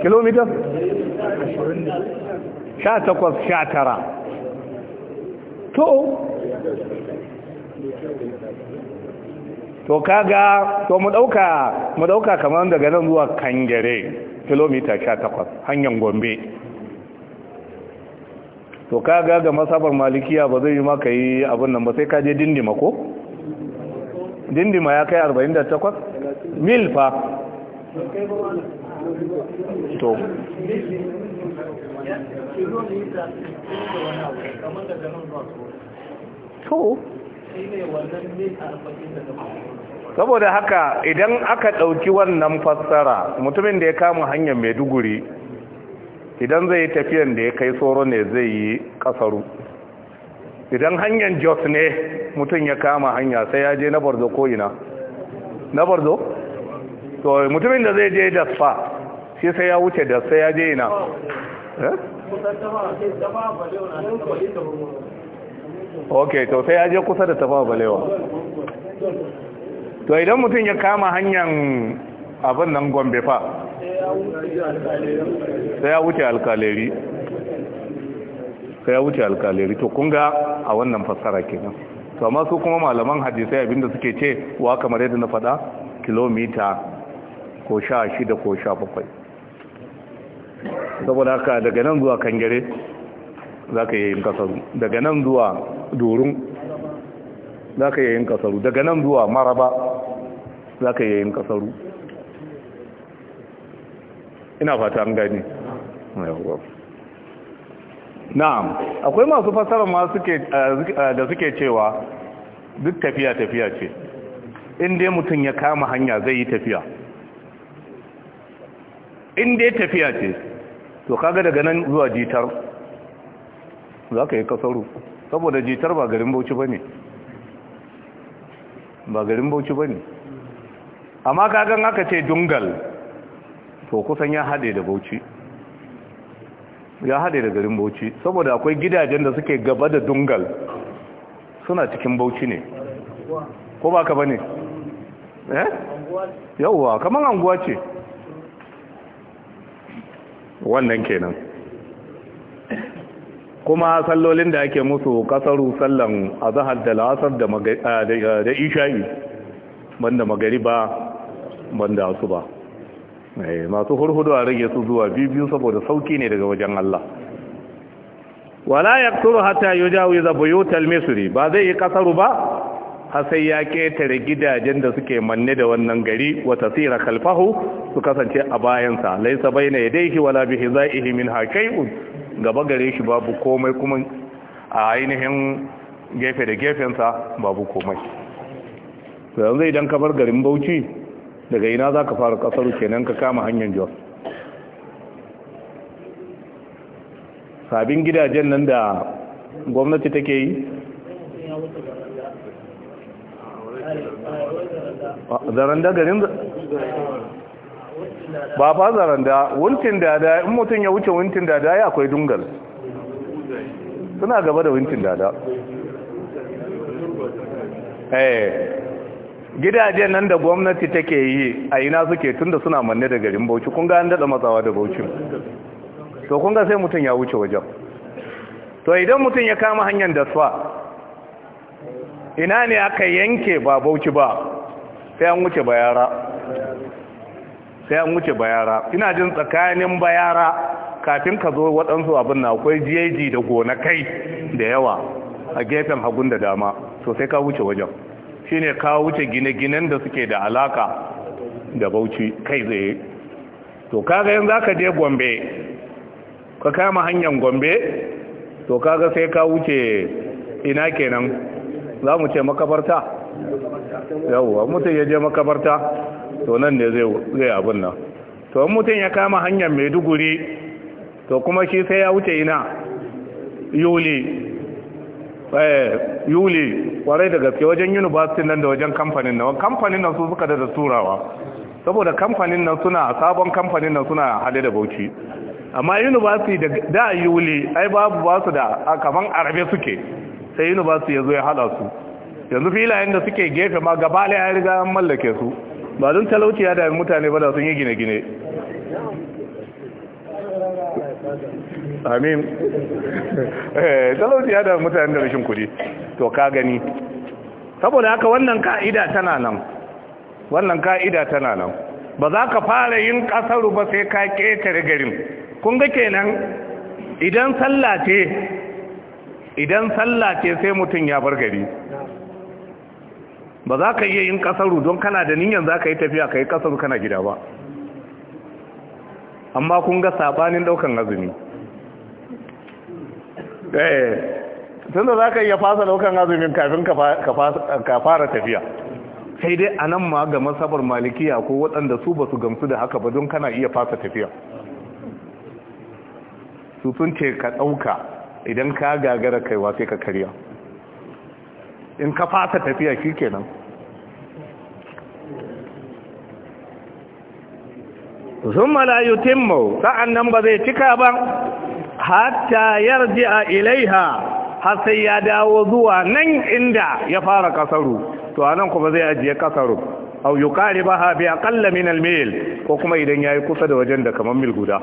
kilomita? sha takwas sha tara to to kaga to mu dauka mu dauka kamar daga nan zuwa kangare kilomita sha takwas hanyar gombe to kaga ga masabar malikiya ba zai yi maka yi abin nan ba sai ka je dindima ko dindima ya kai arba'in da takwas mil fa to to saboda haka idan aka ɗauki wannan fassara mutumin da ya kama hanyar maiduguri idan zai tafiyan da ya kai tsoro ne zai yi ƙasaru idan hanyar jos ne mutum ya kama hanya sai ya je na barzo ko ina na barzo? to mutumin da zai je fa shi sai ya wuce da sai ya je ina eh? ok to sai ya je kusa da tafa balewa to idan mutum ya kama hanyar abin nan gombe fa sai ya wuce alkaleri sai ya wuce alkaleri to kunga a wannan fassara kenan to amma su kuma malaman hadisai abinda suke ce wa kamar yadda na faɗa kilomita ko sha shida ko sha bakwai saboda haka daga nan zuwa kangare za ka yayin kasaru daga nan zuwa dorin za ka yayin kasaru daga nan zuwa maraba za ka yayin kasaru ina fata an gani na'am akwai masu fasara ma eh, eh, da suke cewa duk tafiya tafiya ce inda mutum ya kama hanya zai yi tafiya in dai tafiya ce to kaga daga nan zuwa jitar za ka yi kasaru saboda jitar ba garin bauchi ba ne ba garin bauchi ba ne amma kagan aka ce dungal to kusan ya haɗe da bauchi ya haɗe da garin bauchi saboda akwai gidajen da suke gaba da dungal suna cikin bauchi ne ko ba ka ba ne eh yauwa kamar anguwa ce wannan kenan kuma sallolin da ake musu kasaru sallan azahar da la'asar da isha'i banda magariba banda asuba eh, masu hurhudu a rage su zuwa biyu saboda sauki ne daga wajen Allah wala yaqturu hatta yujawiza buyutal misri ba zai yi kasaru ba har sai ya ketare gidajen da suke manne da wannan gari wa tasira kalfahu su kasance a bayansa laisa baina yadayhi wala bihi za'ihi min hakayun gaba gare shi babu komai kuma a ainihin gefe da gefensa babu komai to yanzu idan ka bar garin Bauchi daga ina zaka fara kasar kenan ka kama hanyar jiwa sabin gidajen nan da gwamnati take yi zaranda garin ba fa zaranda wuntin dada in mutum ya wuce wuntin dada ya akwai dungal suna gaba da wuntin dada eh gidajen nan da gwamnati take yi a ina suke tunda suna manne da garin bauchi kun ga an dada matsawa da bauchi to kun ga sai mutum ya wuce wajen to idan mutum ya kama hanyar da ina ne aka yanke ba bauchi ba sai an wuce bayara sai an wuce bayara ina jin tsakanin bayara kafin ka zo waɗansu abin na akwai jiyaji da gonakai da yawa a gefen hagun da dama so sai ka wuce wajen Shi ne ka wuce gine-ginen da suke da alaka da bauchi kai tsaye to kaga yanzu ka je gombe ka kama hanyar gombe to kaga sai ka wuce ina kenan za mu ce makabarta yawwa mutum ya je makabarta to nan ne zai abin nan to mutum ya kama hanyar maiduguri to kuma shi sai ya wuce ina yuli eh, yuli kwarai da gaske wajen university nan da wajen kamfanin nan kamfanin nan su suka da da turawa saboda kamfanin nan suna sabon kamfanin nan suna hade da bauchi amma university da da yuli ai babu basu da kaman arabe suke sai university ya zo ya hada su yanzu filayen da suke gefe ma gaba da ya riga an mallake su ba don talauci ya dami mutane ba da sun yi gine-gine amin eh, talauci ya dami mutane da rashin kudi to ka gani saboda haka wannan ka'ida tana nan wannan ka'ida tana nan ba za ka fara yin kasaru ba sai ka ketare garin kun ga kenan idan sallah ce idan sallah ce sai mutum ya bar gari ba za ka iya yin kasaru don kana da niyan za ka yi tafiya ka yi kasaru kana gida ba amma kun ga sabanin daukan azumi eh tun da za ka iya fasa daukan azumin kafin ka fara tafiya sai dai a nan ma ga masabar malikiya ko waɗanda su ba su gamsu da haka ba don kana iya fasa tafiya su sun ce ka ɗauka idan ka gagara kaiwa sai ka karya in ka fasa tafiya shi kenan sun malayu timmo sa'an nan ba zai cika ba hatta yarji a ilaiha har sai ya dawo zuwa nan inda ya fara kasaru to anan kuma zai ajiye kasaru au ba haɓe kalla min minal mil ko kuma idan yayi kusa da wajen da kamar mil guda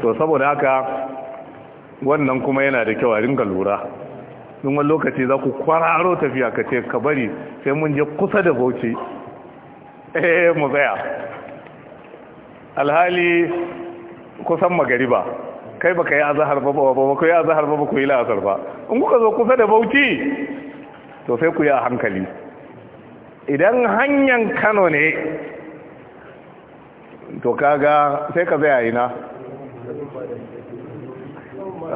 to saboda haka wannan kuma yana da kyau a ringa lura sun wani lokaci za ku kwararo tafiya ka ce ka bari sai mun je kusa da bauchi eh mu zaya alhali kusan magariba kai ba ka yi azahar ba ba ba ku yi azahar ba ba ku yi la'asar ba in kuka zo kusa da bauchi to sai ku yi a hankali idan hanyar kano ne to kaga sai ka zaya ina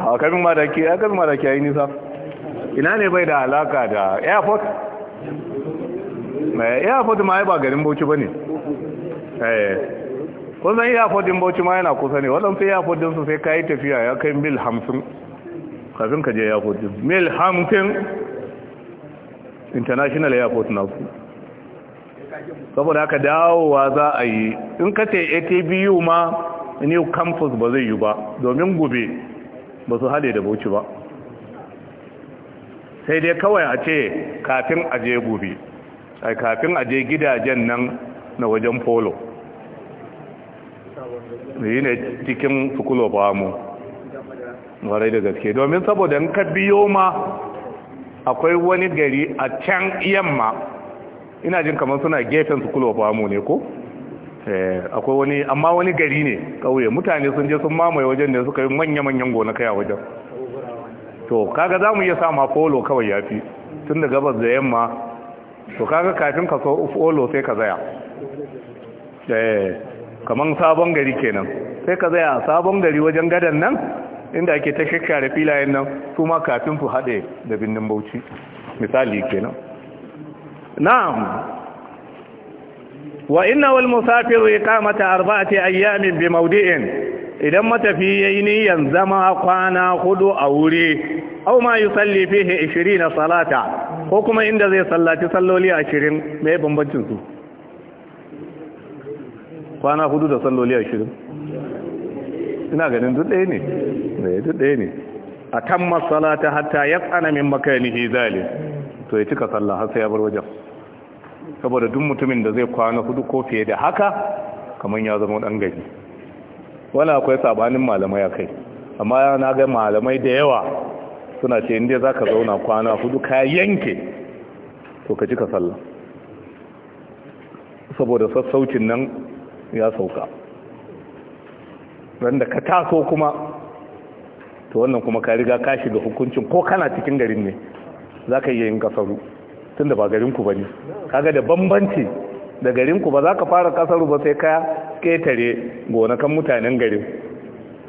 a kabin madaki a kabin madaki a yi nisa ina ne bai da alaka da airport mai eh, airport ma ba garin bauchi ba ne eh, kusan airport din bauchi ma yana kusa ne waɗansu airport dinsu sai ka yi tafiya ya kai mil hamsin kafin ka je airport din mil hamsin international airport na su saboda aka dawowa za a yi in ka ce atbu ma new campus ba zai yi ba domin gobe ba su hade da bauchi ba sai dai kawai a ce kafin a je gobe ai kafin a je gidajen nan na wajen polo yi ne cikin fukulo ba mu warai da gaske domin saboda in ka biyo ma akwai wani gari a can yamma ina jin kamar suna gefen fukulo ba mu ne ko eh, akwai wani amma wani gari ne kauye mutane sun je sun mamaye wajen ne suka yi manya-manyan gona kai a wajen to kaga za mu iya sa ma polo kawai ya fi tun da gabas da yamma to kaga kafin ka so polo sai ka zaya eh, kamar sabon gari kenan sai ka zaya sabon gari wajen gadan nan inda ake ta shakkare filayen nan su ma kafin su haɗe da bindin bauchi misali kenan na'am wa inna wal musafir iqamata arba'ati ayyamin bi mawdi'in idan matafi ya yi niyan zama kwana hudu a wuri au ma yi salli fihe ishiri na salata ko kuma inda zai sallaci salloli ashirin mai bambancinsu kwana hudu da salloli ashirin ina ganin duk ɗaya ne duk ɗaya ne a kan masalata hatta ya tsana min makanihi zali to ya cika salla har sai ya bar wajen saboda duk mutumin da zai kwana hudu ko fiye da haka kamar ya zama ɗan gari wani akwai sabanin malamai a kai amma na ga malamai da yawa suna ce inda za ka zauna kwana hudu ka yanke to ka ji ka salla saboda sassaucin nan ya sauka wanda ka taso kuma to wannan kuma ka riga ka shiga hukuncin ko kana cikin garin ne za ka iya yin kasaru tun da ba garinku ba ne kaga da bambanci da garinku ba za ka fara kasaru ba sai kaya. ƙetare gonakan mutanen garin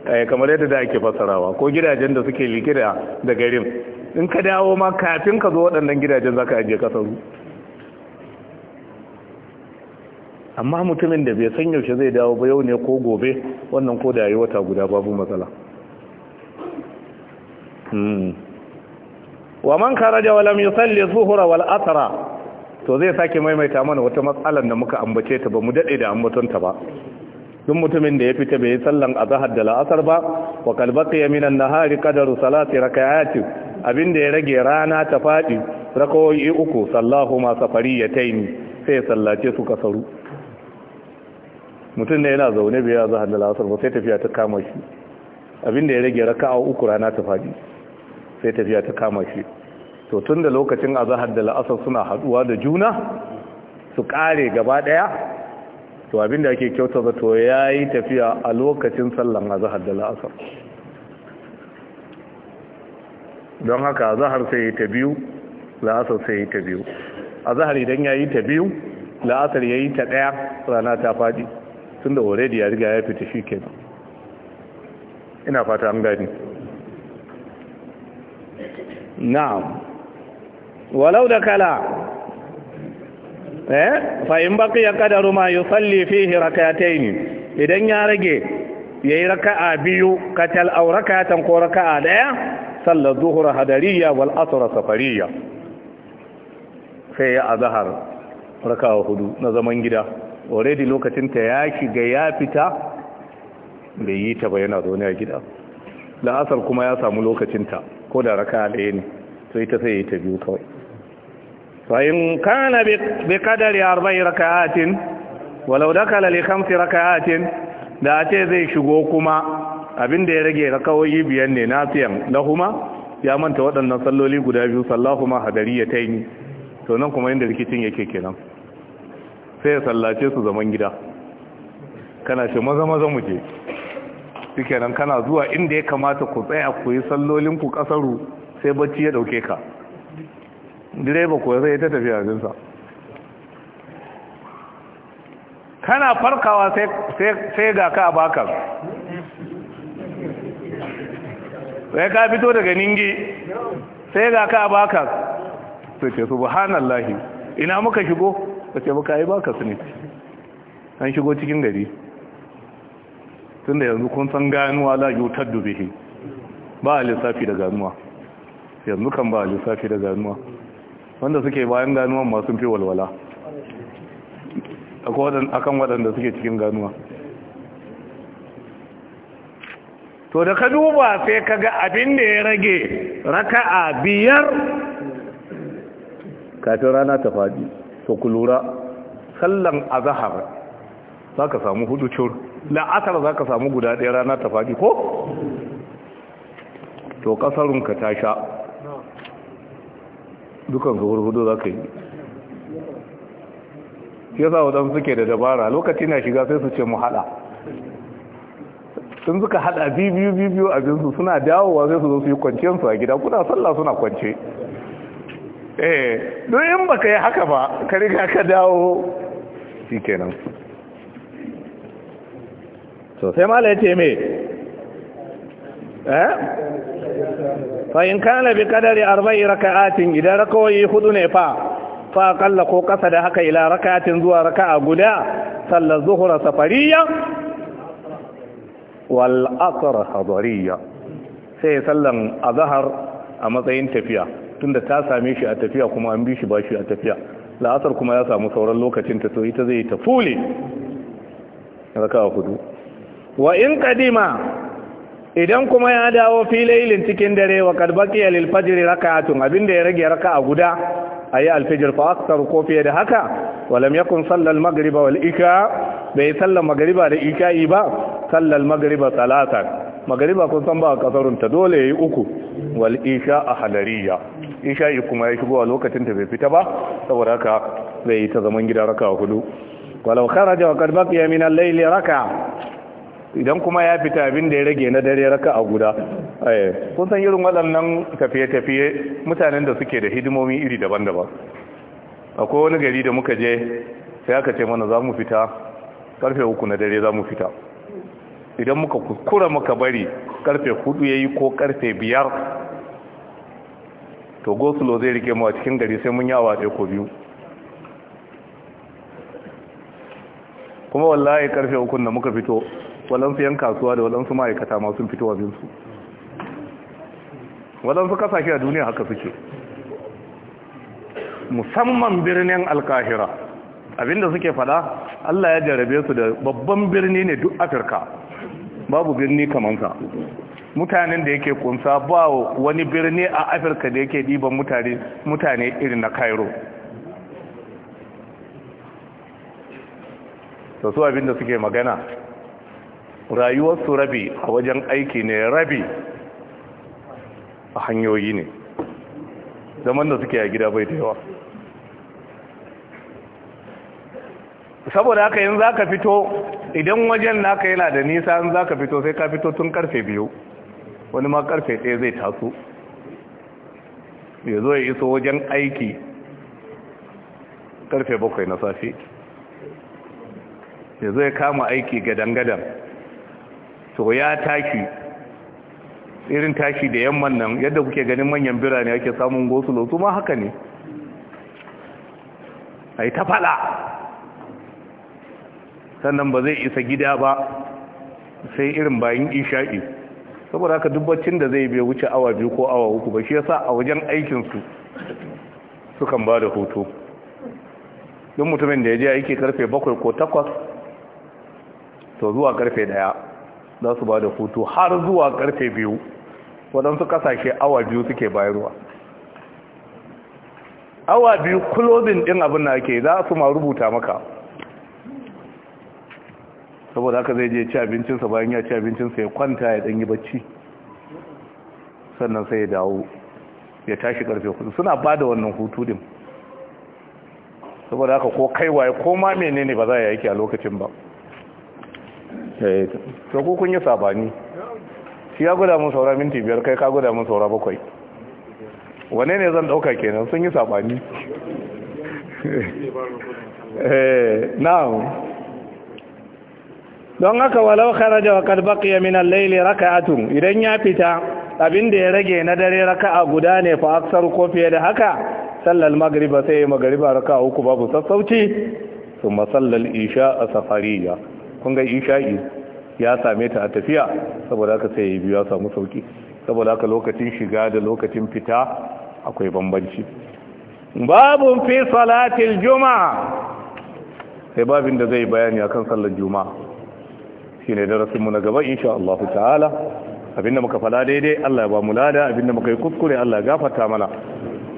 eh, kamar yadda da ake fassarawa ko gidajen da suke like da garin in ka dawo ma kafin ka zo waɗannan gidajen za ka ajiye kasaru amma mutumin da bai san yaushe zai dawo ba yau ne ko gobe wannan ko da yi wata guda babu matsala hmm. wa man karaja wa lam yusalli zuhura wal asra to zai sake maimaita mana wata matsalar da muka ambace ta ba mu dade da ambatonta ba duk mutumin da ya fita bai yi sallan azhar da la'asar ba wa kalbaqi minan nahari qadaru salati rak'atin abinda ya rage rana ta fadi rakawoyi uku sallahu ma safariyataini sai sallace su kasaru mutum ne yana zaune bai azhar da la'asar ba sai tafiya ta kama shi abinda ya rage rak'a uku rana ta fadi sai tafiya ta kama shi to tun da lokacin azahar da la'asar suna haduwa da juna su kare gaba daya to abinda ake kyauta to ya yi tafiya a lokacin sallan azahar da la'asar don haka azahar sai yi ta biyu la'asar sai yi ta biyu azahar idan ya yi ta biyu la'asar ya yi ta daya rana ta fadi tun da already ya riga ya fita shi kenan ina fata an gani na'am walau da kala eh fa in baki ya kadaru ma yusalli fihi rak'atayn idan ya rage yayi raka'a biyu katal aw rak'atan ko raka'a daya sallar zuhur hadariya wal asr safariya sai ya azhar raka'a hudu na zaman gida already lokacin ta ya shiga ya fita bai yi ta ba yana zaune a gida la'asar kuma ya samu lokacinta ko da raka ɗaya ne sai ta sai ta biyu kawai فإن كان بقدر أربع ركعات ولو دخل لخمس ركعات da a ce zai shigo kuma abin da ya rage rakawoyi biyan ne nafiyan lahuma ya manta waɗannan salloli guda biyu sallahuma hadari ya taimi to nan kuma inda rikicin yake kenan sai ya sallace su zaman gida kana shi maza maza mu je shikenan kana zuwa inda ya kamata ku tsaya kuyi yi sallolin ku kasaru sai bacci ya ɗauke ka direba ko sai ta tafi jinsa kana farkawa sai ga ka a baka sai ka fito daga ningi sai ga ka a baka su ce subhanallahi ina muka shigo su ce muka yi baka su ne an shigo cikin gari tun da yanzu kun san ganuwa la yutar dubihi ba a lissafi da ganuwa yanzu kan ba a lissafi da ganuwa wanda suke bayan ganuwan masu fi walwala akan waɗanda suke cikin ganuwa to da ka duba sai ka ga abin da ya rage raka'a biyar kafin rana ta faɗi to ku lura sallan azahar za ka samu hudu cur la'asar za ka samu guda ɗaya rana ta faɗi ko to ƙasarunka ta sha dukan ka hudu za ka yi Ya yasa wadan suke da dabara lokaci na shiga sai su ce mu hada sun suka hada biyu biyu abinsu suna dawowa sai su zo su yi kwanciyarsu a gida kuna sallah suna kwance eh don ba baka yi haka ba ka ga ka dawo shi kenan Sosai sai mala ya ce me eh fa in kana bi kadari arba'i raka'atin idan rakawoyi hudu ne fa fa kalla ko kasa da haka ila raka'atin zuwa raka'a guda sallar zuhura safariya wal asr sai sallan azhar a matsayin tafiya tunda ta same shi a tafiya kuma an bi shi ba shi a tafiya la'asar kuma ya samu sauran lokacin ta so ita zai ta fule raka'a hudu wa in kadima idan kuma ya dawo filailin cikin dare wa kadbaqiya lil fajr rak'atun abinda ya rage raka a guda A yi fajr fa ko fiye da haka walam kun sallal magariba wal isha bai sallar magariba da isha'i ba sallal magariba salatan Magariba kun san ba kasarun ta dole ya yi uku wal isha a halariya isha'i kuma ya shigo a lokacin ta bai fita ba saboda haka zai yi ta zaman gida raka'a hudu walau kharaja wa qad baqiya min al raka. idan kuma ya fita abin da ya rage na dare raka a guda eh, kun san irin waɗannan tafiye-tafiye mutanen da suke da hidimomi iri daban-daban akwai wani gari da muka je sai aka ce mana za mu fita karfe uku na dare za mu fita idan muka kura muka bari karfe hudu ya yi ko karfe biyar to gosulo zai rike mu a cikin gari sai mun yi awa ɗaya ko biyu kuma wallahi karfe uku da muka fito Walansu yan kasuwa da walansu ma'aikata ma sun fito wabinsu Walansu kasashe a duniya haka suke musamman birnin alkahira abinda suke fada Allah ya jarabe su da babban birni ne duk afirka babu birni kamansa mutanen da yake kunsa ba wani birni a afirka da yake ɗiban mutane mutane irin na cairo da su abinda suke magana rayuwarsu rabi a wajen aiki ne rabi a hanyoyi ne zaman da suke a gida bai da yawa saboda haka yin za ka fito idan wajen naka yana da nisa in za ka fito sai ka fito tun karfe biyu wani ma karfe ɗaya zai taso ya zo ya iso wajen aiki karfe bakwai na safe ya zo ya kama aiki gadan-gadan to ya tashi irin tashi da yamman nan yadda kuke ganin manyan birane ake samun gosulo su ma haka ne ai ta fada sannan ba zai isa gida ba sai irin bayan isha'i saboda haka dubbacin da zai bai wuce awa biyu ko awa uku ba shi yasa a wajen aikinsu sukan ba da hoto don mutumin da ya je aiki karfe bakwai ko takwas to zuwa karfe daya za su ba da hutu har zuwa karfe biyu waɗansu kasashe awa biyu suke bayarwa awa biyu kulobin ɗin abin da ake za su ma rubuta maka saboda haka zai je ci abincinsa bayan ya ci abincinsa ya kwanta ya ɗanyi bacci sannan sai ya dawo ya tashi karfe hudu suna ba da wannan hutu din saboda haka ko kaiwaye ko ma menene ba za a yi a lokacin ba Eh, to ku kun yi sabani shi ya guda mun saura minti biyar kai ka guda mun saura bakwai wane ne zan dauka kenan sun yi sabani eh, na'am don haka walau kharaja wa qad baqiya min al-layli raka'atun idan ya fita abin da ya rage na dare raka'a guda ne fa aksar ko fiye da haka sallal magariba sai magariba raka'a uku babu sassauci thumma sallal isha a safariya kun ga isha'i ya same ta a tafiya saboda haka sai ya biyu ya samu sauki saboda haka lokacin shiga da lokacin fita akwai bambanci babun fi salatil juma'a sai babin da zai bayani akan sallar juma'a shine darasin mu na gaba insha Allah ta'ala abinda muka fada daidai Allah ya ba mu lada abinda muka yi kuskure Allah ya gafarta mana